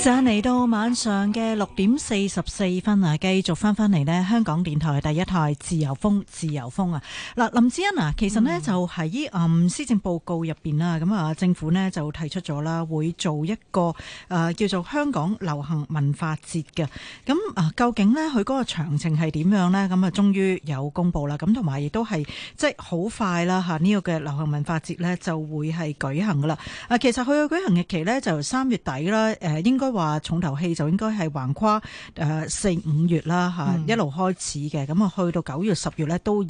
成日嚟到晚上嘅六點四十四分啊，繼續翻翻嚟呢香港電台第一台自由風，自由風啊！嗱，林志恩啊，其實呢、嗯、就喺誒施政報告入邊啦，咁啊政府呢就提出咗啦，會做一個誒、呃、叫做香港流行文化節嘅。咁、嗯、啊，究竟呢？佢嗰個詳情係點樣呢？咁、嗯、啊，終於有公布啦。咁同埋亦都係即係好快啦吓，呢、啊呢個嘅流行文化節呢，就會係舉行噶啦。啊，其實佢嘅舉行日期呢，就三月底啦。誒、呃，應該。話重頭戲就應該係橫跨誒四五月啦吓，嗯、一路開始嘅，咁啊去到九月十月咧都有。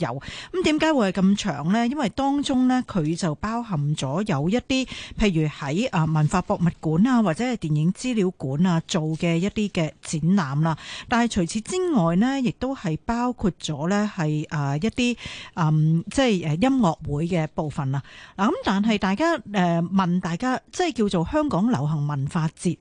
咁點解會係咁長呢？因為當中呢，佢就包含咗有一啲，譬如喺誒文化博物館啊或者係電影資料館啊做嘅一啲嘅展覽啦。但係除此之外呢，亦都係包括咗呢係誒一啲誒、嗯、即係誒音樂會嘅部分啦。嗱，咁但係大家誒問大家即係叫做香港流行文化節，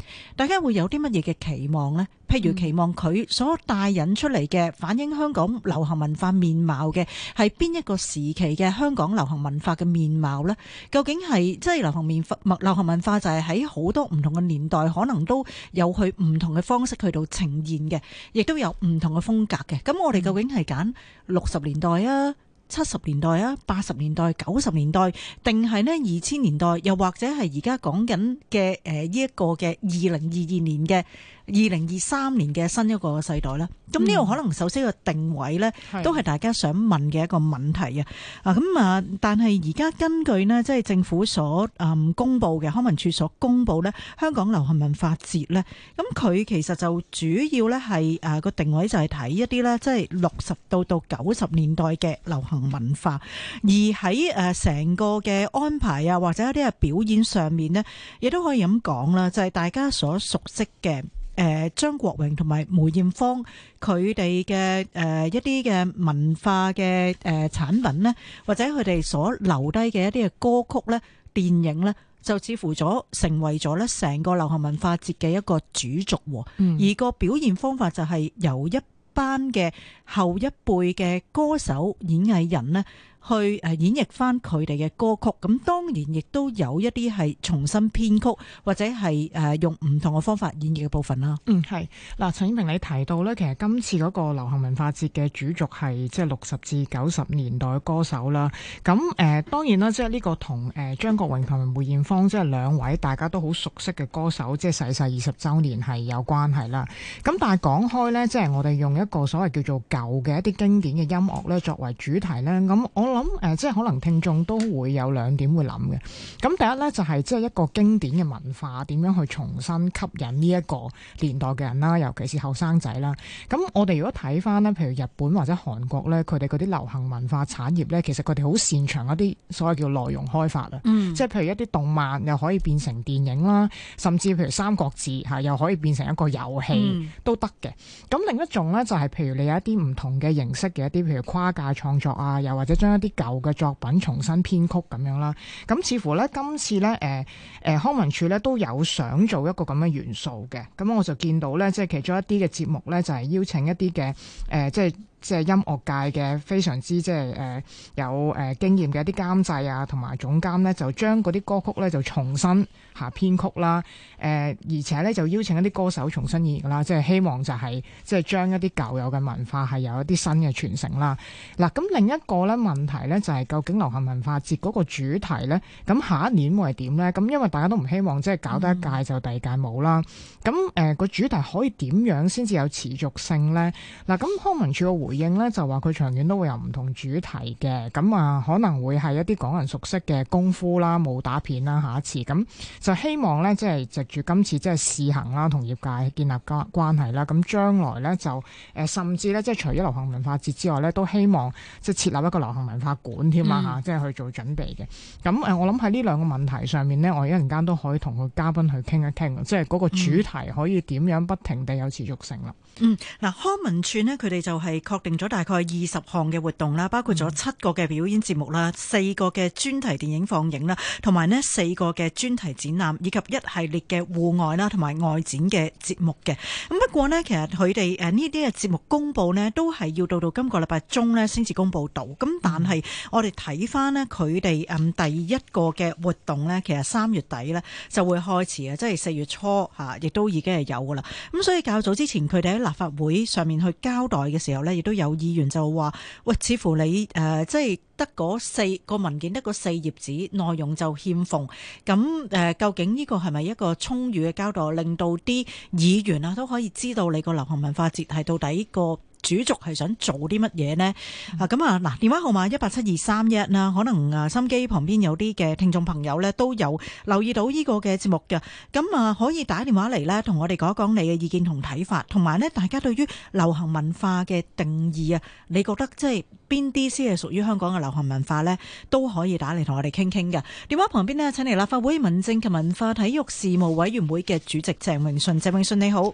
點解會有啲乜嘢嘅期望呢？譬如期望佢所帶引出嚟嘅反映香港流行文化面貌嘅，係邊一個時期嘅香港流行文化嘅面貌呢？究竟係即係流行文化，流行文化就係喺好多唔同嘅年代，可能都有去唔同嘅方式去到呈現嘅，亦都有唔同嘅風格嘅。咁我哋究竟係揀六十年代啊？七十年代啊，八十年代、九十年代，定係呢，二千年代，又或者係而家講緊嘅誒呢一個嘅二零二二年嘅。二零二三年嘅新一個世代呢，咁呢個可能首先個定位呢，是都係大家想問嘅一個問題啊。啊是，咁啊，但係而家根據呢，即係政府所嗯公佈嘅康文署所公佈呢，香港流行文化節呢，咁佢其實就主要呢係啊個定位就係睇一啲呢，即係六十到到九十年代嘅流行文化，而喺誒成個嘅安排啊，或者一啲嘅表演上面呢，亦都可以咁講啦，就係大家所熟悉嘅。誒、呃、張國榮同埋梅艷芳，佢哋嘅誒一啲嘅文化嘅誒、呃、產品咧，或者佢哋所留低嘅一啲嘅歌曲咧、電影咧，就似乎咗成為咗咧成個流行文化節嘅一個主軸，嗯、而個表現方法就係由一班嘅後一輩嘅歌手、演藝人咧。去誒演繹翻佢哋嘅歌曲，咁當然亦都有一啲係重新編曲或者係誒用唔同嘅方法演譯嘅部分啦。嗯，係嗱、呃，陳嘉銘你提到呢，其實今次嗰個流行文化節嘅主軸係即係六十至九十年代嘅歌手啦。咁誒、呃、當然啦，即係呢個同誒、呃、張國榮同埋梅艷芳即係兩位大家都好熟悉嘅歌手，即係逝世二十週年係有關係啦。咁但係講開呢，即係我哋用一個所謂叫做舊嘅一啲經典嘅音樂咧作為主題呢。咁我。咁誒，即係可能聽眾都會有兩點會諗嘅。咁第一咧，就係即係一個經典嘅文化，點樣去重新吸引呢一個年代嘅人啦，尤其是後生仔啦。咁我哋如果睇翻咧，譬如日本或者韓國咧，佢哋嗰啲流行文化產業咧，其實佢哋好擅長一啲所謂叫內容開發啊，即係、嗯、譬如一啲動漫又可以變成電影啦，甚至譬如《三國志》吓又可以變成一個遊戲、嗯、都得嘅。咁另一種咧，就係、是、譬如你有一啲唔同嘅形式嘅一啲，譬如跨界創作啊，又或者將一啲舊嘅作品重新編曲咁樣啦，咁似乎咧今次咧，誒、呃、誒、呃、康文署咧都有想做一個咁嘅元素嘅，咁我就見到咧，即係其中一啲嘅節目咧，就係邀請一啲嘅，誒、呃、即係。即係音樂界嘅非常之即係誒有誒、呃、經驗嘅一啲監製啊，同埋總監呢，就將嗰啲歌曲呢，就重新下編曲啦，誒、呃、而且呢，就邀請一啲歌手重新演繹啦，即係希望就係、是、即係將一啲舊有嘅文化係有一啲新嘅傳承啦。嗱、啊，咁另一個呢問題呢，就係、是、究竟流行文化節嗰個主題呢，咁下一年會係點呢？咁因為大家都唔希望即係搞得一屆就第二屆冇啦。咁誒個主題可以點樣先至有持續性呢？嗱，咁康文署回應咧就話佢長遠都會有唔同主題嘅，咁啊可能會係一啲港人熟悉嘅功夫啦、武打片啦，下一次咁就希望咧即係藉住今次即係試行啦，同業界建立關關係啦，咁將來咧就誒甚至咧即係除咗流行文化節之外咧，都希望即係設立一個流行文化館添啦吓，嗯、即係去做準備嘅。咁誒，我諗喺呢兩個問題上面呢，我一陣間都可以同個嘉賓去傾一傾，即係嗰個主題可以點樣不停地有持續性啦。嗯，嗱，康文署咧，佢哋就係確定咗大概二十項嘅活動啦，包括咗七個嘅表演節目啦，四個嘅專題電影放映啦，同埋呢四個嘅專題展覽，以及一系列嘅戶外啦同埋外展嘅節目嘅。咁不過咧，其實佢哋誒呢啲嘅節目公佈咧，都係要到到今個禮拜中咧先至公佈到。咁但係我哋睇翻咧，佢哋嗯第一個嘅活動咧，其實三月底咧就會開始啊，即係四月初吓，亦都已經係有噶啦。咁所以較早之前佢哋喺。立法會上面去交代嘅時候咧，亦都有議員就話：喂，似乎你誒、呃、即係得嗰四個文件，得嗰四頁紙內容就欠奉。咁誒、呃，究竟呢個係咪一個充裕嘅交代，令到啲議員啊都可以知道你個流行文化節係到底、呢個主軸係想做啲乜嘢呢？啊咁啊嗱，電話號碼一八七二三一啦。可能啊，收機旁邊有啲嘅聽眾朋友呢，都有留意到呢個嘅節目嘅。咁啊，可以打電話嚟呢，同我哋講一講你嘅意見同睇法。同埋呢，大家對於流行文化嘅定義啊，你覺得即係邊啲先係屬於香港嘅流行文化呢？都可以打嚟同我哋傾傾嘅。電話旁邊呢，請嚟立法會民政及文化體育事務委員會嘅主席鄭泳舜。鄭泳舜，你好。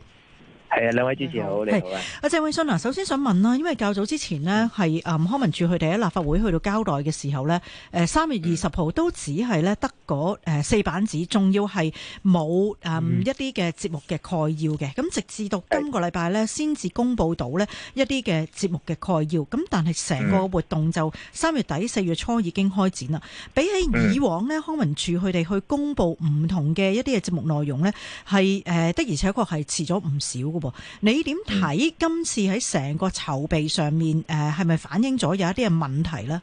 係啊，兩位主持好，你好啊！阿好鄭泳舜啊，首先想問啦、啊，因為較早之前呢，係誒、嗯、康文署佢哋喺立法會去到交代嘅時候呢，誒、呃、三月二十號都只係咧得嗰四板紙，仲要係冇誒一啲嘅節目嘅概要嘅。咁直至到今個禮拜呢，先至的公佈到呢一啲嘅節目嘅概要。咁但係成個活動就三月底四月初已經開展啦。比起以往呢，嗯、康文署佢哋去公佈唔同嘅一啲嘅節目內容呢，係誒、呃、的而且確係遲咗唔少嘅。你點睇今次喺成個籌備上面，誒、呃，係咪反映咗有一啲嘅問題咧？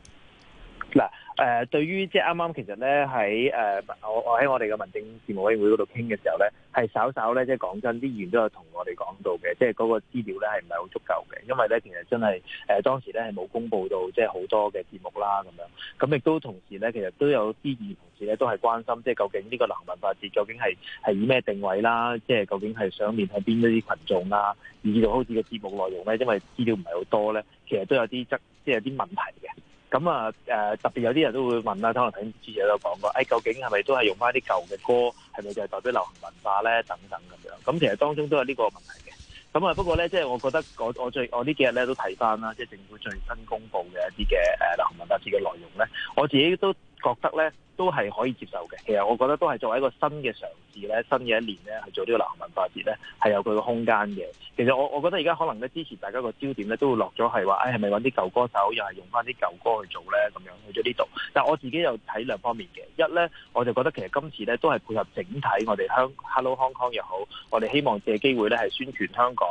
誒，對於即係啱啱其實咧，喺誒，我我喺我哋嘅民政事務委員會嗰度傾嘅時候咧，係稍稍咧，即係講真，啲議員都有同我哋講到嘅，即係嗰個資料咧係唔係好足夠嘅，因為咧其實真係誒當時咧係冇公布到即係好多嘅節目啦咁樣，咁亦都同時咧，其實都有啲議員同事咧都係關心，即係究竟呢個流行文化節究竟係係以咩定位啦，即係究竟係想面向邊一啲羣眾啦，而至到開始嘅節目內容咧，因為資料唔係好多咧，其實都有啲質，即係有啲問題嘅。咁啊，誒、嗯、特別有啲人都會問啦，可能睇啲資料都有講過、哎，究竟係咪都係用翻啲舊嘅歌，係咪就係代表流行文化咧？等等咁樣，咁、嗯、其實當中都有呢個問題嘅。咁、嗯、啊，不過咧，即、就、係、是、我覺得我，我最我最我呢幾日咧都睇翻啦，即、就、係、是、政府最新公布嘅一啲嘅誒流行文化節嘅內容咧，我自己都覺得咧都係可以接受嘅，其實我覺得都係作為一個新嘅嘗試咧，新嘅一年咧，去做呢個流行文化節咧，係有佢個空間嘅。其實我我覺得而家可能咧，之前大家個焦點咧，都會落咗係話，誒係咪搵啲舊歌手，又係用翻啲舊歌去做咧，咁樣去咗呢度。但係我自己有睇兩方面嘅，一咧我就覺得其實今次咧都係配合整體我哋香 Hello Hong Kong 又好，我哋希望借機會咧係宣傳香港，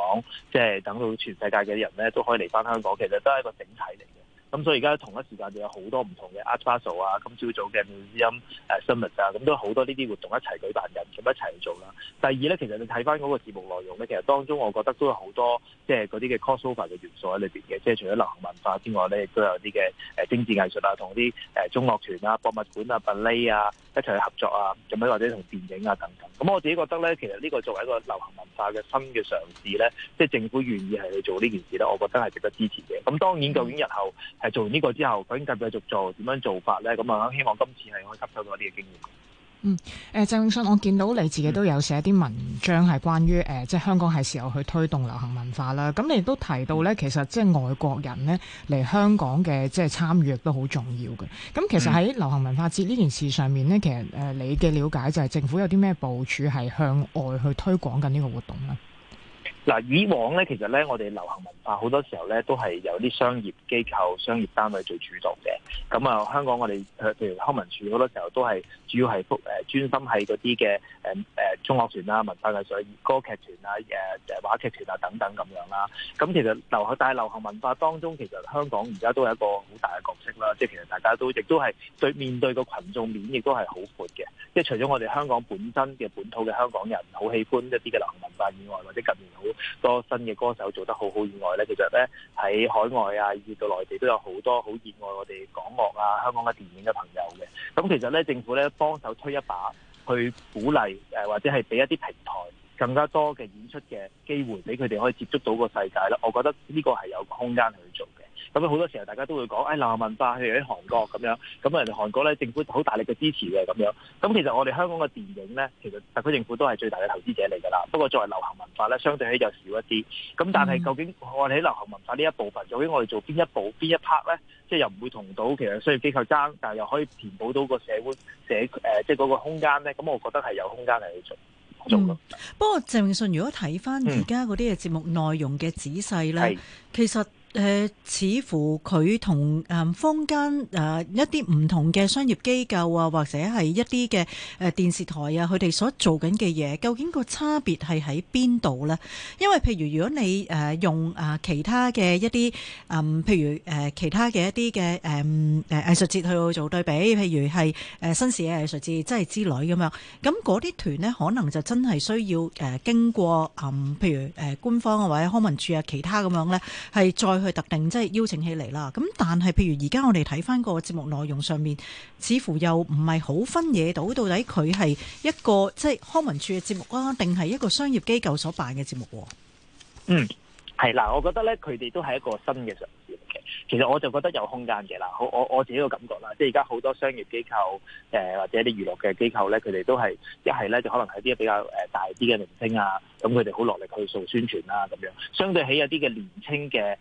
即係等到全世界嘅人咧都可以嚟翻香港，其實都係一個整體嚟。咁、嗯、所以而家同一時間就有好多唔同嘅 Art Basel 啊，今朝早嘅 Museum Summit 啊，咁、嗯、都好多呢啲活動一齊舉辦人，人咁一齊去做啦。第二咧，其實你睇翻嗰個節目內容咧，其實當中我覺得都有好多即係、就、嗰、是、啲嘅 crossover 嘅元素喺裏邊嘅，即、就、係、是、除咗流行文化之外咧，亦都有啲嘅誒政治藝術啊，同啲誒中樂團啊、博物館啊、ballet 啊一齊去合作啊，咁樣或者同電影啊等等。咁、嗯、我自己覺得咧，其實呢個作為一個流行文化嘅新嘅嘗試咧，即、就、係、是、政府願意係去做呢件事咧，我覺得係值得支持嘅。咁當然究竟日後係做完呢個之後，究竟繼唔繼續做點樣做法咧？咁啊，希望今次係可以吸收到一啲嘅經驗。嗯，誒、呃，鄭泳舜，我見到你自己都有寫啲文章，係關於誒、呃，即係香港係時候去推動流行文化啦。咁你亦都提到咧，嗯、其實即係外國人呢嚟香港嘅即係參與都好重要嘅。咁其實喺流行文化節呢件事上面呢，其實誒你嘅了解就係政府有啲咩部署係向外去推廣緊呢個活動咧？嗱，以往咧，其實咧，我哋流行文化好多時候咧，都係由啲商業機構、商業單位做主導嘅。咁啊，香港我哋譬如康文署好多時候都係主要係誒專心喺嗰啲嘅誒誒中樂團啊、文化藝術歌劇團啊、誒、啊、誒、啊啊、話劇團啊等等咁樣啦、啊。咁其實流行大流行文化當中，其實香港而家都係一個好大嘅角色啦。即係其實大家都亦都係對面對個群眾面亦都係好闊嘅。即係除咗我哋香港本身嘅本土嘅香港人好喜歡一啲嘅流行文化以外，或者近年好多新嘅歌手做得好好以外呢，其實呢喺海外啊，以至到內地都有好多好熱愛我哋港樂啊、香港嘅電影嘅朋友嘅。咁其實呢政府呢幫手推一把，去鼓勵誒，或者係俾一啲平台更加多嘅演出嘅機會，俾佢哋可以接觸到個世界咯。我覺得呢個係有空間去做。咁好多時候，大家都會講誒、哎、流行文化，譬如喺韓國咁樣。咁人哋韓國咧，政府好大力嘅支持嘅咁樣。咁其實我哋香港嘅電影咧，其實特區政府都係最大嘅投資者嚟㗎啦。不過作為流行文化咧，相對起就少一啲。咁但係究竟我哋喺流行文化呢一部分，究竟我哋做邊一部邊一 part 咧？即係又唔會同到其實商業機構爭，但係又可以填補到個社會社誒、呃、即係嗰個空間咧。咁我覺得係有空間嚟去做、嗯、做咯的、嗯。不過鄭泳舜，如果睇翻而家嗰啲嘅節目內容嘅仔細咧，嗯、其實。誒、呃，似乎佢、嗯呃、同誒坊間誒一啲唔同嘅商業機構啊，或者係一啲嘅誒電視台啊，佢哋所做緊嘅嘢，究竟個差別係喺邊度咧？因為譬如如果你誒用誒其他嘅一啲誒、嗯，譬如誒其他嘅一啲嘅誒誒藝術節去做對比，譬如係誒新視野嘅藝術節即係之類，咁樣咁啲團咧，可能就真係需要誒經過誒、嗯、譬如誒官方或者康文署啊，其他咁樣咧，係再。佢特定即係、就是、邀請起嚟啦，咁但係譬如而家我哋睇翻個節目內容上面，似乎又唔係好分野到到底佢係一個即係、就是、康文署嘅節目啊，定係一個商業機構所辦嘅節目、啊？嗯。係嗱，我覺得咧，佢哋都係一個新嘅嘗試嘅。其實我就覺得有空間嘅啦。我我我自己個感覺啦，即係而家好多商業機構誒、呃、或者啲娛樂嘅機構咧，佢哋都係一係咧就可能係啲比較誒大啲嘅明星啊，咁佢哋好落力去做宣傳啦、啊、咁樣。相對起有啲嘅年輕嘅誒誒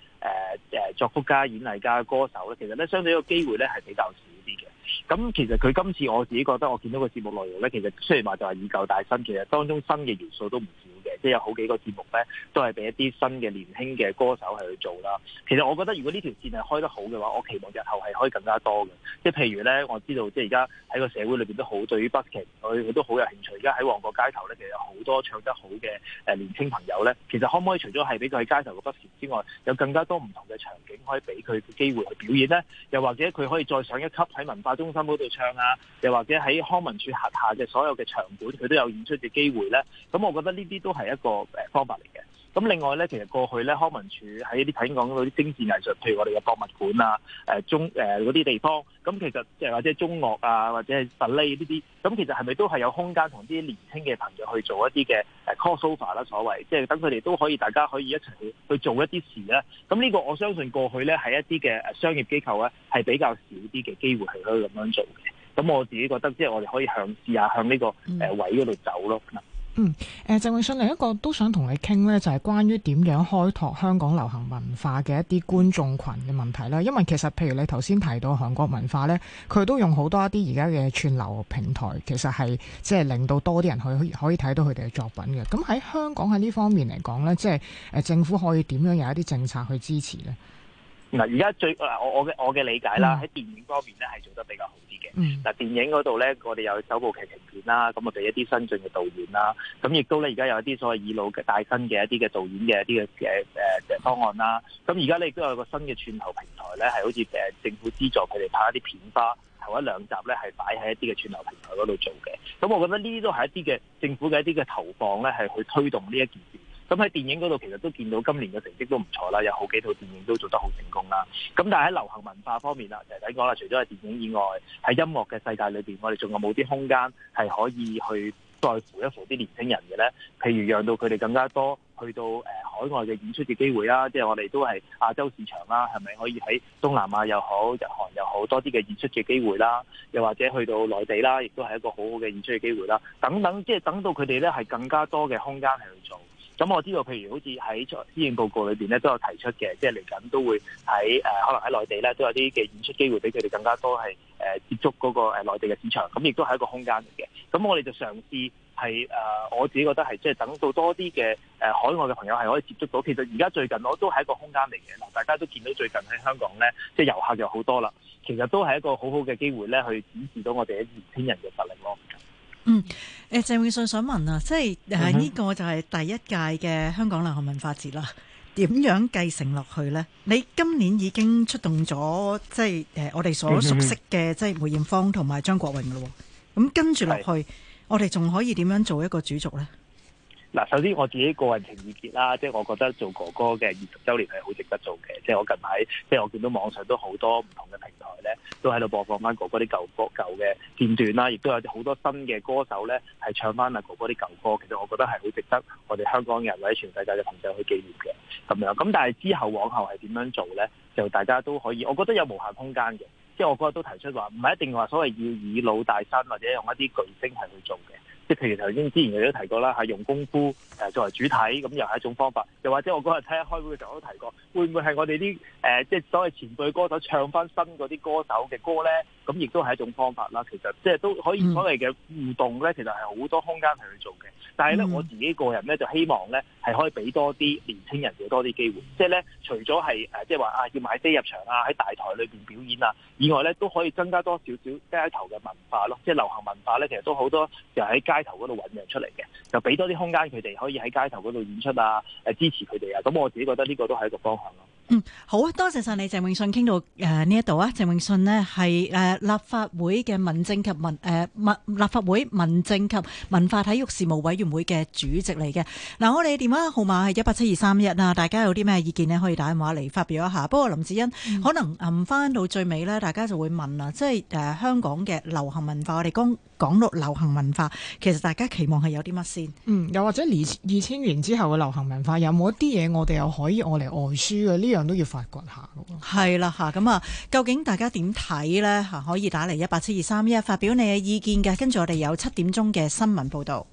作曲家、演藝家、歌手咧，其實咧相對個機會咧係比較少啲嘅。咁、嗯、其實佢今次我自己覺得，我見到個節目內容咧，其實雖然話就係以舊帶新，其實當中新嘅元素都唔少。即係有好幾個節目咧，都係俾一啲新嘅年輕嘅歌手係去做啦。其實我覺得，如果呢條線係開得好嘅話，我期望日後係可以更加多嘅。即係譬如咧，我知道即係而家喺個社會裏邊都好，對於 busking 佢佢都好有興趣。而家喺旺角街頭咧，其實有好多唱得好嘅誒年輕朋友咧。其實可唔可以除咗係俾佢喺街頭嘅 busking 之外，有更加多唔同嘅場景可以俾佢嘅機會去表演咧？又或者佢可以再上一級喺文化中心嗰度唱啊？又或者喺康文署轄下嘅所有嘅場館，佢都有演出嘅機會咧？咁我覺得呢啲都係。係一個誒方法，嚟嘅。咁另外咧，其實過去咧，康文署喺一啲香港嗰啲精致藝術，譬如我哋嘅博物館啊，誒中誒嗰啲地方，咁其實即係或者中樂啊，或者係 a y 呢啲，咁其實係咪都係有空間同啲年輕嘅朋友去做一啲嘅誒 cross over 啦，所謂即係等佢哋都可以，大家可以一齊去去做一啲事咧。咁呢個我相信過去咧，喺一啲嘅商業機構咧，係比較少啲嘅機會係可以咁樣做嘅。咁我自己覺得，即係我哋可以向試下向呢個誒位嗰度走咯。嗯，誒、呃、鄭泳舜另一個都想同你傾咧，就係、是、關於點樣開拓香港流行文化嘅一啲觀眾群嘅問題啦。因為其實譬如你頭先提到韓國文化呢，佢都用好多一啲而家嘅串流平台，其實係即係令到多啲人去可以睇到佢哋嘅作品嘅。咁喺香港喺呢方面嚟講呢，即、就、係、是、政府可以點樣有一啲政策去支持呢？嗱，而家最嗱我我嘅我嘅理解啦，喺電影方面咧係做得比較好啲嘅。嗱、嗯，電影嗰度咧，我哋有首部劇情片啦，咁我哋一啲新進嘅導演啦，咁亦都咧而家有一啲所謂以老嘅帶新嘅一啲嘅導演嘅一啲嘅嘅誒方案啦。咁而家咧亦都有個新嘅串流平台咧，係好似誒政府資助佢哋拍一啲片花，頭一兩集咧係擺喺一啲嘅串流平台嗰度做嘅。咁我覺得呢啲都係一啲嘅政府嘅一啲嘅投放咧，係去推動呢一件事。咁喺電影嗰度其實都見到今年嘅成績都唔錯啦，有好幾套電影都做得好成功啦。咁但係喺流行文化方面啦，就係講啦，除咗係電影以外，喺音樂嘅世界裏邊，我哋仲有冇啲空間係可以去再扶一扶啲年輕人嘅咧？譬如讓到佢哋更加多去到誒海外嘅演出嘅機會啦，即係我哋都係亞洲市場啦，係咪可以喺東南亞又好、日韓又好多啲嘅演出嘅機會啦？又或者去到內地啦，亦都係一個好好嘅演出嘅機會啦。等等，即係等到佢哋咧係更加多嘅空間係去做。咁我知道，譬如好似喺財施政報告裏邊咧，都有提出嘅，即係嚟緊都會喺誒，可能喺內地咧都有啲嘅演出機會，俾佢哋更加多係誒接觸嗰個誒內地嘅市場，咁亦都係一個空間嚟嘅。咁我哋就嘗試係誒，我自己覺得係即係等到多啲嘅誒海外嘅朋友係可以接觸到。其實而家最近我都係一個空間嚟嘅。嗱，大家都見到最近喺香港咧，即係遊客又好多啦，其實都係一個好好嘅機會咧，去展示到我哋啲年輕人嘅實力咯。嗯，誒、呃，鄭泳舜想問啊，即係誒呢個就係第一屆嘅香港流行文化節啦，點樣繼承落去呢？你今年已經出動咗，即係誒、呃、我哋所熟悉嘅，mm hmm. 即係梅艷芳同埋張國榮咯，咁跟住落去，Yes. 我哋仲可以點樣做一個主軸呢？嗱，首先我自己個人情意結啦，即係我覺得做哥哥嘅二十週年係好值得做嘅。即係我近排，即係我見到網上都好多唔同嘅平台咧，都喺度播放翻哥哥啲舊歌舊嘅片段啦、啊，亦都有好多新嘅歌手咧係唱翻啊哥哥啲舊歌。其實我覺得係好值得我哋香港人或者全世界嘅朋友去紀念嘅咁樣。咁但係之後往後係點樣做咧？就大家都可以，我覺得有無限空間嘅。即係我嗰日都提出話，唔係一定話所謂要以老帶新，或者用一啲巨星係去做嘅。即係譬如頭先之前佢都提過啦，係用功夫誒作為主體，咁又係一種方法。又或者我嗰日聽開會嘅時候我都提過，會唔會係我哋啲誒即係所謂前輩歌手唱翻新嗰啲歌手嘅歌咧？咁亦都係一種方法啦，其實即係都可以、嗯、所謂嘅互動咧，其實係好多空間係去做嘅。但係咧，嗯、我自己個人咧就希望咧係可以俾多啲年輕人嘅多啲機會，即係咧除咗係誒即係話啊要買飛入場啊喺大台裏邊表演啊以外咧，都可以增加多少少街頭嘅文化咯，即係流行文化咧其實都好多就喺街頭嗰度醖釀出嚟嘅，就俾多啲空間佢哋可以喺街頭嗰度演出啊，誒支持佢哋啊，咁我自己覺得呢個都係一個方向咯。嗯，好多謝晒你鄭泳舜傾到誒呢一度啊，鄭、呃、泳舜咧係誒立法會嘅民政及文誒文、呃、立法會民政及文化體育事務委員會嘅主席嚟嘅。嗱、呃，我哋電話號碼係一八七二三一啦，大家有啲咩意見咧，可以打電話嚟發表一下。不過林志欣、嗯、可能撳翻到最尾咧，大家就會問啦，即係誒、呃、香港嘅流行文化我哋公。講到流行文化其實大家期望係有啲乜先？嗯，又或者二二千年之後嘅流行文化有冇一啲嘢我哋又可以我嚟外輸嘅？呢樣都要發掘下嘅喎。係啦，嚇咁啊，究竟大家點睇呢？嚇可以打嚟一八七二三一發表你嘅意見嘅。跟住我哋有七點鐘嘅新聞報導。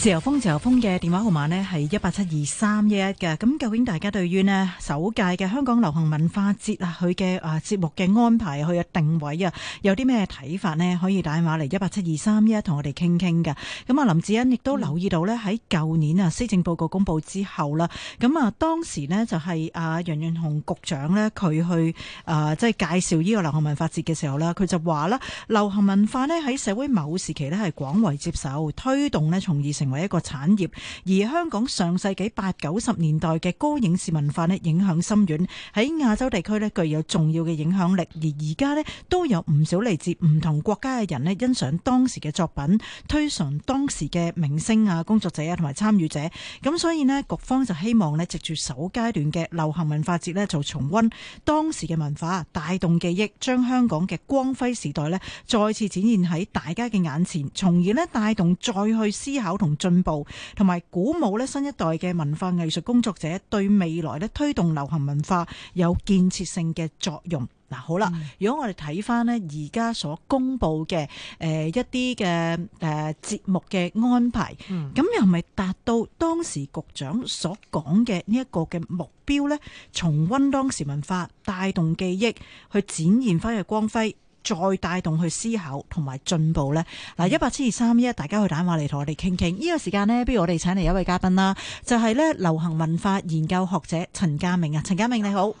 自由風，自由風嘅電話號碼呢係一八七二三一一嘅。咁究竟大家對於呢首屆嘅香港流行文化節啊，佢嘅誒節目嘅安排，佢嘅定位啊，有啲咩睇法呢？可以打電話嚟一八七二三一一同我哋傾傾嘅。咁啊，林志恩亦都留意到呢，喺舊年、嗯、啊，施政報告公布之後啦，咁啊，當時呢就係啊楊潤雄局長呢，佢去誒即係介紹呢個流行文化節嘅時候呢，佢就話啦，流行文化呢喺社會某時期呢係廣為接受，推動呢從而成。為一個產業，而香港上世紀八九十年代嘅高影視文化呢，影響深遠，喺亞洲地區呢具有重要嘅影響力。而而家呢都有唔少嚟自唔同國家嘅人呢欣賞當時嘅作品，推崇當時嘅明星啊、工作者啊同埋參與者。咁所以呢，局方就希望呢，藉住首階段嘅流行文化節呢，做重溫當時嘅文化，帶動記憶，將香港嘅光輝時代呢再次展現喺大家嘅眼前，從而呢帶動再去思考同。進步同埋鼓舞咧，新一代嘅文化藝術工作者對未來咧，推動流行文化有建設性嘅作用。嗱，好啦、嗯，如果我哋睇翻咧而家所公布嘅誒一啲嘅誒節目嘅安排，咁、嗯、又咪達到當時局長所講嘅呢一個嘅目標呢：重温當時文化，帶動記憶，去展現翻嘅光輝。再帶動去思考同埋進步呢。嗱，一八七二三一，大家去打電話嚟同我哋傾傾。呢、這個時間呢，不如我哋請嚟一位嘉賓啦，就係、是、呢流行文化研究學者陳嘉銘啊。陳嘉銘你好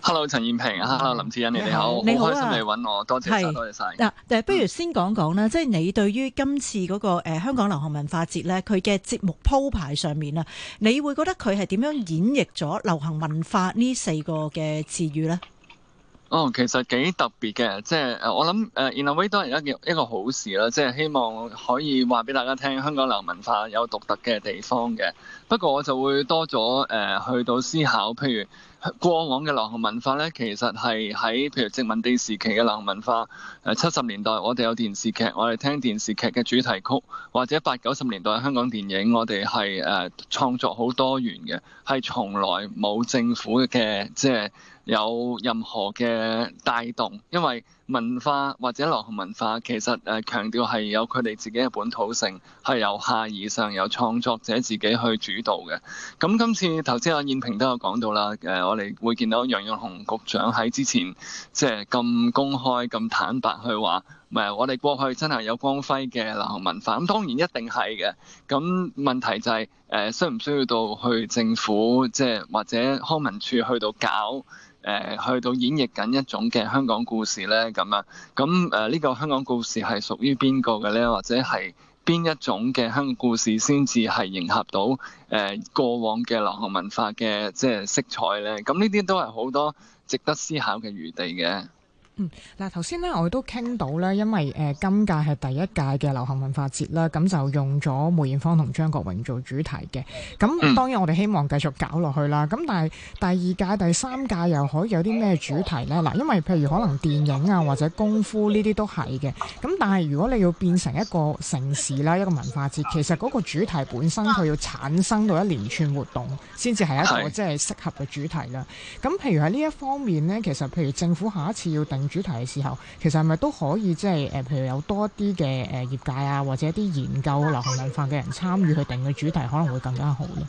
，Hello，陳燕平啊，Hello，林志欣你好，你好啊，嚟揾我，多謝曬，是多謝曬。嗱、嗯啊，不如先講講呢，即係你對於今次嗰個香港流行文化節呢，佢嘅節目鋪排上面啊，你會覺得佢係點樣演繹咗流行文化呢四個嘅詞語呢？哦，其實幾特別嘅，即係我諗誒，in a way 都係一件一個好事啦，即係希望可以話俾大家聽，香港流行文化有獨特嘅地方嘅。不過我就會多咗誒、呃，去到思考，譬如過往嘅流行文化呢，其實係喺譬如殖民地時期嘅流行文化，誒七十年代我哋有電視劇，我哋聽電視劇嘅主題曲，或者八九十年代香港電影，我哋係誒創作好多元嘅，係從來冇政府嘅即係。有任何嘅帶動，因為文化或者流行文化其實誒強調係有佢哋自己嘅本土性，係由下而上由創作者自己去主導嘅。咁、嗯、今次頭先阿燕平都有講到啦，誒、呃、我哋會見到楊潤雄局長喺之前即係咁公開、咁坦白去話，唔、呃、係我哋過去真係有光輝嘅流行文化，咁、嗯、當然一定係嘅。咁、嗯、問題就係、是、誒、呃、需唔需要到去政府即係、呃、或者康文署去到搞？誒、呃、去到演繹緊一種嘅香港故事咧，咁樣，咁誒呢個香港故事係屬於邊個嘅咧？或者係邊一種嘅香港故事先至係迎合到誒、呃、過往嘅流行文化嘅即係色彩咧？咁呢啲都係好多值得思考嘅餘地嘅。嗱，頭先咧我哋都傾到咧，因為誒、呃、今屆係第一屆嘅流行文化節啦，咁、嗯、就用咗梅艷芳同張國榮做主題嘅。咁、嗯、當然我哋希望繼續搞落去啦。咁但係第二屆、第三屆又可以有啲咩主題呢？嗱、嗯，因為譬如可能電影啊或者功夫呢啲都係嘅。咁、嗯、但係如果你要變成一個城市啦，一個文化節，其實嗰個主題本身佢要產生到一連串活動，先至係一個即係適合嘅主題啦。咁譬如喺呢一方面呢，其實譬如政府下一次要定主題嘅時候，其實係咪都可以即係誒，譬如有多啲嘅誒業界啊，或者啲研究流行文化嘅人參與去定嘅主題，可能會更加好咯。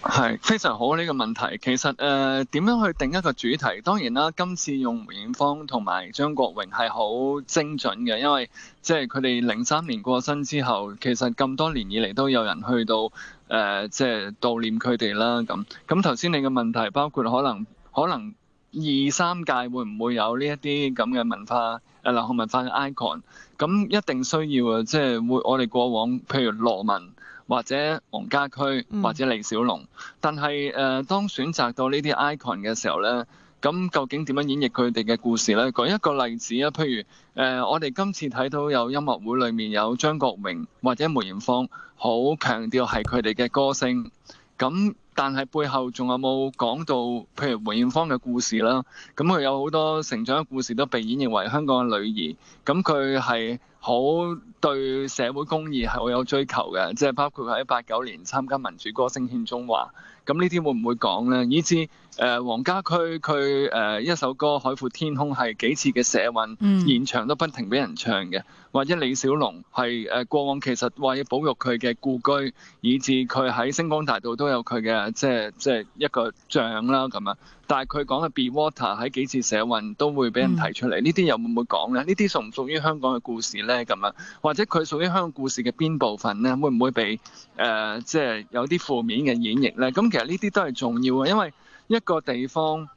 係非常好呢個問題。其實誒，點樣去定一個主題？當然啦，今次用梅艷芳同埋張國榮係好精準嘅，因為即係佢哋零三年過身之後，其實咁多年以嚟都有人去到誒、呃，即係悼念佢哋啦。咁咁頭先你嘅問題，包括可能可能。二三屆會唔會有呢一啲咁嘅文化誒流行文化嘅 icon？咁一定需要啊！即係會我哋過往，譬如羅文或者黃家駒或者李小龍。嗯、但係誒、呃，當選擇到呢啲 icon 嘅時候呢，咁究竟點樣演繹佢哋嘅故事呢？舉一個例子啊，譬如誒、呃，我哋今次睇到有音樂會裏面有張國榮或者梅艷芳，好強調係佢哋嘅歌聲。咁但係背後仲有冇講到，譬如梅艷芳嘅故事啦？咁、嗯、佢有好多成長嘅故事都被演繹為香港嘅女兒。咁佢係好對社會公義係好有追求嘅，即係包括喺八九年參加民主歌聲獻中華。咁呢啲會唔會講呢？以至誒黃家駒佢誒、呃、一首歌《海闊天空》係幾次嘅社運現場都不停俾人唱嘅，嗯、或者李小龍係誒、呃、過往其實話要保育佢嘅故居，以至佢喺星光大道都有佢嘅即係即係一個像啦咁啊。但係佢講嘅 Be Water 喺、嗯、幾次社運都會俾人提出嚟，呢啲又會唔會講呢？呢啲屬唔屬於香港嘅故事呢？咁啊，或者佢屬於香港故事嘅邊部分呢？會唔會被誒即係有啲負面嘅演繹呢？咁、嗯嗯呢啲都係重要嘅，因為一個地方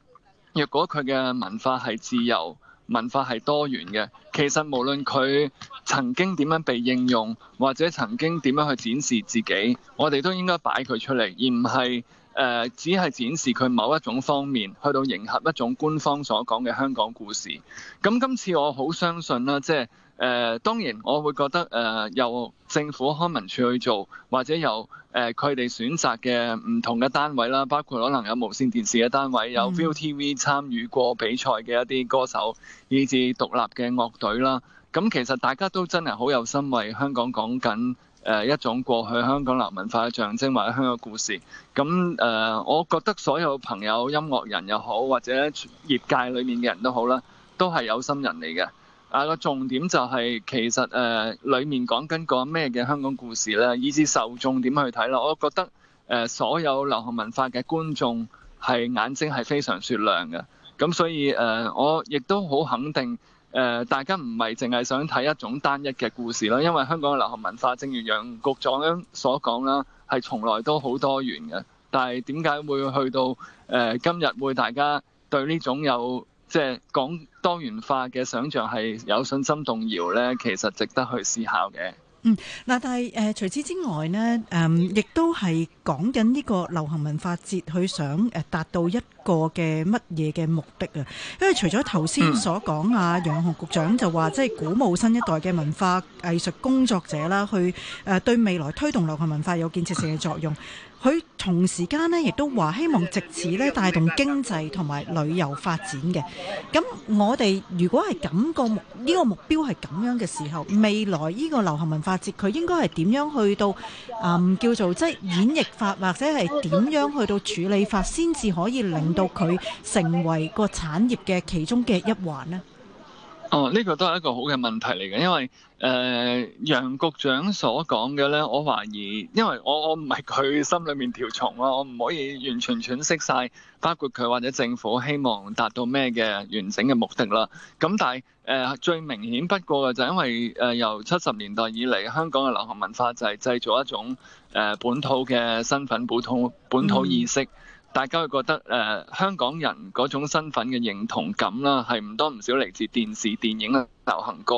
若果佢嘅文化係自由、文化係多元嘅，其實無論佢曾經點樣被應用，或者曾經點樣去展示自己，我哋都應該擺佢出嚟，而唔係誒只係展示佢某一種方面，去到迎合一種官方所講嘅香港故事。咁今次我好相信啦，即係。誒、呃、當然，我會覺得誒、呃、由政府康文署去做，或者由誒佢哋選擇嘅唔同嘅單位啦，包括可能有無線電視嘅單位，嗯、有 ViuTV 參與過比賽嘅一啲歌手，以至獨立嘅樂隊啦。咁其實大家都真係好有心，為香港講緊誒一種過去香港流行文化嘅象徵，或者香港故事。咁誒、呃，我覺得所有朋友、音樂人又好，或者業界裡面嘅人都好啦，都係有心人嚟嘅。啊，個重點就係其實誒裡面講緊個咩嘅香港故事咧，以至受眾點去睇咯。我覺得誒所有流行文化嘅觀眾係眼睛係非常雪亮嘅，咁所以誒我亦都好肯定誒大家唔係淨係想睇一種單一嘅故事啦。因為香港嘅流行文化，正如楊局長咁所講啦，係從來都好多元嘅。但係點解會去到誒今日會大家對呢種有？即係講多元化嘅想像係有信心動搖咧，其實值得去思考嘅。嗯，嗱，但係誒除此之外咧，誒亦都係講緊呢個流行文化節，去想誒達到一個嘅乜嘢嘅目的啊？因為除咗頭先所講啊，楊潤雄局長就話，即係鼓舞新一代嘅文化藝術工作者啦，去誒對未來推動流行文化有建設性嘅作用。佢同時間咧，亦都話希望藉此咧帶動經濟同埋旅遊發展嘅。咁我哋如果係咁個呢個目標係咁樣嘅時候，未來呢個流行文化節佢應該係點樣去到啊、嗯、叫做即係演繹法，或者係點樣去到處理法，先至可以令到佢成為個產業嘅其中嘅一環呢？哦，呢、這個都係一個好嘅問題嚟嘅，因為誒、呃、楊局長所講嘅呢，我懷疑，因為我我唔係佢心裏面條蟲啊，我唔可以完全詮釋晒，包括佢或者政府希望達到咩嘅完整嘅目的啦。咁但係誒、呃、最明顯不過嘅就係因為誒、呃、由七十年代以嚟，香港嘅流行文化就係製造一種誒、呃、本土嘅身份、本土本土意識。嗯大家會覺得誒、呃、香港人嗰種身份嘅認同感啦，係唔多唔少嚟自電視、電影啊、流行歌。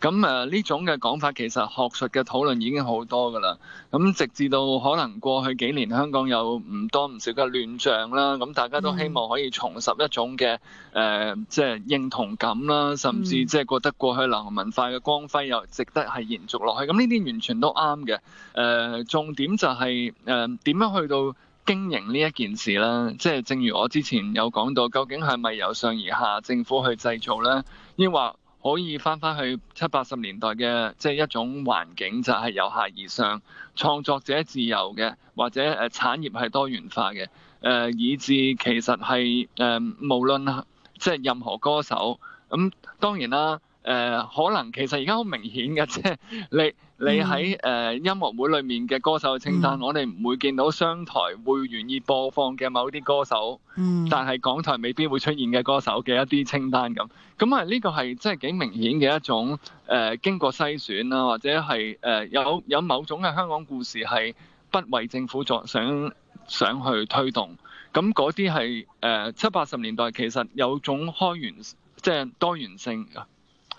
咁誒呢種嘅講法其實學術嘅討論已經好多㗎啦。咁直至到可能過去幾年香港有唔多唔少嘅亂象啦，咁大家都希望可以重拾一種嘅誒、嗯呃，即係認同感啦，甚至即係覺得過去流行文化嘅光輝又值得係延續落去。咁呢啲完全都啱嘅。誒、呃、重點就係誒點樣去到。經營呢一件事啦，即係正如我之前有講到，究竟係咪由上而下政府去製造呢？抑或可以返返去七八十年代嘅即係一種環境，就係由下而上，創作者自由嘅，或者誒產業係多元化嘅，誒、呃、以至其實係誒、呃、無論即係任何歌手，咁、嗯、當然啦，誒、呃、可能其實而家好明顯嘅啫，即你。你喺誒音樂會裏面嘅歌手嘅清單，mm. 我哋唔會見到商台會願意播放嘅某啲歌手，mm. 但係港台未必會出現嘅歌手嘅一啲清單咁。咁啊，呢個係真係幾明顯嘅一種誒、呃，經過篩選啦、啊，或者係誒、呃、有有某種嘅香港故事係不為政府作想想去推動。咁嗰啲係誒七八十年代其實有種開源，即係多元性。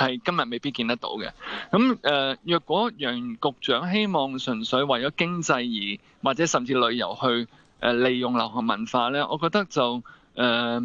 係今日未必見得到嘅。咁、嗯、誒、呃，若果楊局長希望純粹為咗經濟而，或者甚至旅遊去誒、呃、利用流行文化呢，我覺得就誒、呃、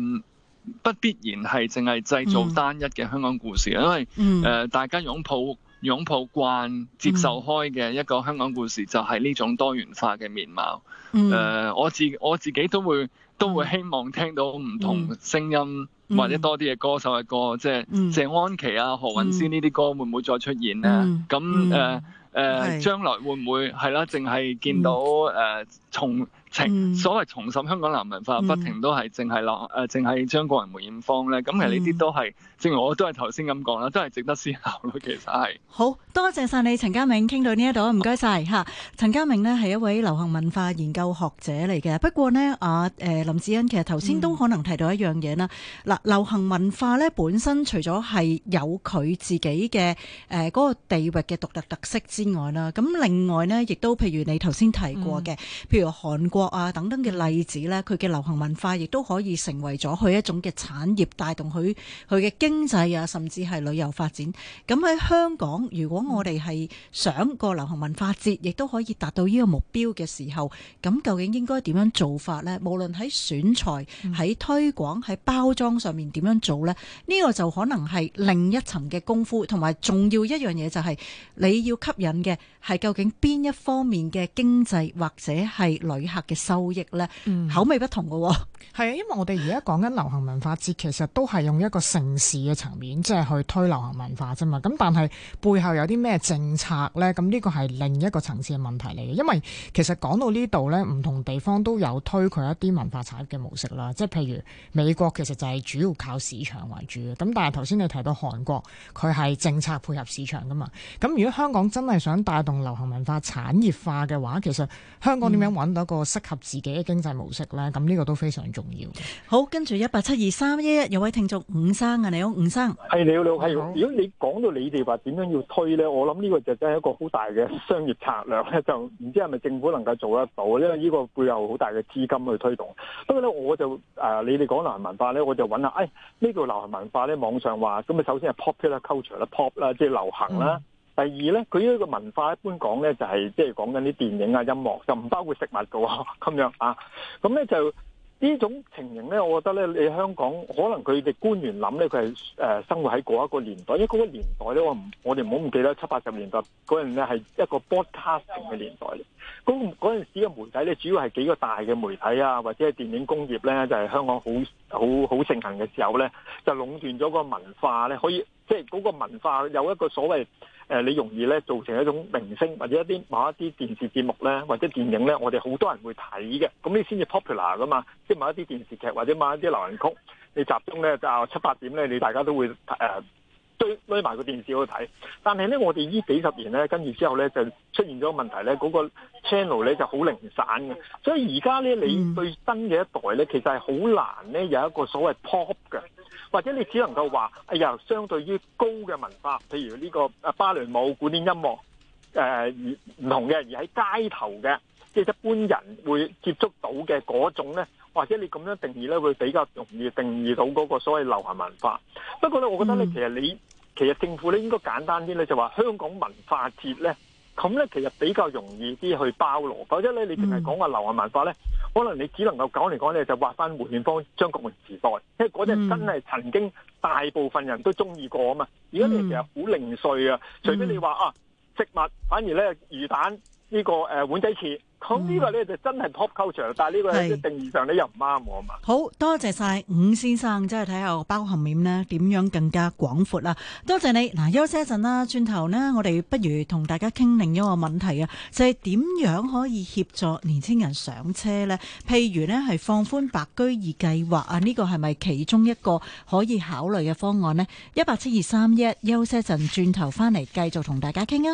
不必然係淨係製造單一嘅香港故事，嗯、因為誒、呃、大家擁抱擁抱慣、接受開嘅一個香港故事、嗯、就係呢種多元化嘅面貌。誒、嗯呃，我自我自己都會都會希望聽到唔同聲音。嗯嗯嗯或者多啲嘅歌手嘅歌，即係、嗯、謝安琪啊、何韻詩呢啲歌會唔會再出現咧？咁誒誒，將來會唔會係啦？淨係見到誒從。嗯呃嗯、所謂重審香港流行文化，嗯、不停都係淨係攞誒，淨係張國榮、梅艷芳咧。咁、嗯、其實呢啲都係，正如我都係頭先咁講啦，都係值得思考咯。其實係好多謝晒你，陳嘉銘傾到呢一度唔該晒，嚇、啊。陳嘉銘呢係一位流行文化研究學者嚟嘅。不過呢，啊誒，林志欣其實頭先都可能提到一樣嘢啦。嗱、嗯，流行文化咧本身除咗係有佢自己嘅誒嗰個地域嘅獨特特色之外啦，咁另外呢亦都譬如你頭先提過嘅，如譬如韓。國啊等等嘅例子咧，佢嘅流行文化亦都可以成為咗佢一種嘅產業，帶動佢佢嘅經濟啊，甚至係旅遊發展。咁喺香港，如果我哋係想個流行文化節，亦都可以達到呢個目標嘅時候，咁究竟應該點樣做法咧？無論喺選材、喺推廣、喺包裝上面點樣做咧，呢個就可能係另一層嘅功夫，同埋重要一樣嘢就係你要吸引嘅係究竟邊一方面嘅經濟或者係旅客。嘅收益咧，嗯、口味不同嘅喎。哦，係啊，因為我哋而家講緊流行文化節，其實都係用一個城市嘅層面，即係去推流行文化啫嘛。咁但係背後有啲咩政策咧？咁呢個係另一個層次嘅問題嚟嘅。因為其實講到呢度咧，唔同地方都有推佢一啲文化產業嘅模式啦。即係譬如美國其實就係主要靠市場為主嘅。咁但係頭先你提到韓國，佢係政策配合市場噶嘛。咁如果香港真係想帶動流行文化產業化嘅話，其實香港點樣揾到一個？適合自己嘅經濟模式啦。咁呢個都非常重要。好，跟住一八七二三一一有位聽眾伍生啊，你，嗯，好，伍，嗯，生，係你好，你，嗯、好。如果你講到你哋話點樣要推咧，我諗呢個就真係一個好大嘅商業策略咧，就唔知係咪政府能夠做得到咧？因為呢個背後好大嘅資金去推動。不過咧，我就誒，呃，你哋講流行文化咧，我就揾下，誒，哎，呢個流行文化咧，網上話咁啊，首先係 popular culture 啦，pop 啦，即係流行啦。嗯第二咧，佢呢個文化一般講咧，就係即係講緊啲電影啊、音樂，就唔包括食物噶喎咁樣啊。咁咧就呢種情形咧，我覺得咧，你香港可能佢哋官員諗咧，佢係誒生活喺嗰一個年代，因為嗰個年代咧，我唔，我哋唔好唔記得七八十年代嗰陣咧，係一個 broadcasting 嘅年代。咁嗰陣時嘅媒體咧，主要係幾個大嘅媒體啊，或者係電影工業咧，就係香港好好好盛行嘅時候咧，就壟斷咗個文化咧，可以即係嗰個文化有一個所謂。誒、呃、你容易咧造成一種明星或者一啲某一啲電視節目咧，或者電影咧，我哋好多人會睇嘅，咁呢先至 popular 噶嘛，即係某一啲電視劇或者某一啲流行曲，你集中咧就七八點咧，你大家都會誒。呃堆埋個電視去睇，但係呢，我哋呢幾十年呢，跟住之後呢，就出現咗問題呢。嗰、那個 channel 呢就好零散嘅，所以而家呢，你對新嘅一代呢，其實係好難呢有一個所謂 pop 嘅，或者你只能夠話，哎呀，相對於高嘅文化，譬如呢個啊芭蕾舞、古典音樂，誒、呃、唔同嘅，而喺街頭嘅。即係一般人會接觸到嘅嗰種咧，或者你咁樣定義咧，會比較容易定義到嗰個所謂流行文化。不過咧，我覺得咧，其實你其實政府咧應該簡單啲咧，就話、是、香港文化節咧，咁咧其實比較容易啲去包羅。否則咧，你淨係講話流行文化咧，可能你只能夠講嚟講去，就畫翻梅豔芳、張國榮時代，因為嗰啲真係曾經大部分人都中意過啊嘛。而家你其實好零碎啊，除非你話啊，食物反而咧魚蛋。呢、這個誒碗仔翅，咁、呃、呢、嗯、個呢就是、真係 pop culture，但係呢個喺是定義上咧又唔啱我啊嘛。好多謝晒伍先生，真係睇下包含面呢點樣更加廣闊啦、啊。多謝你，嗱，休息一陣啦，轉頭呢，我哋不如同大家傾另一個問題啊，就係、是、點樣可以協助年輕人上車呢？譬如呢，係放寬白居易計劃啊，呢、這個係咪其中一個可以考慮嘅方案呢？一八七二三一，休息一陣，轉頭翻嚟繼續同大家傾啊。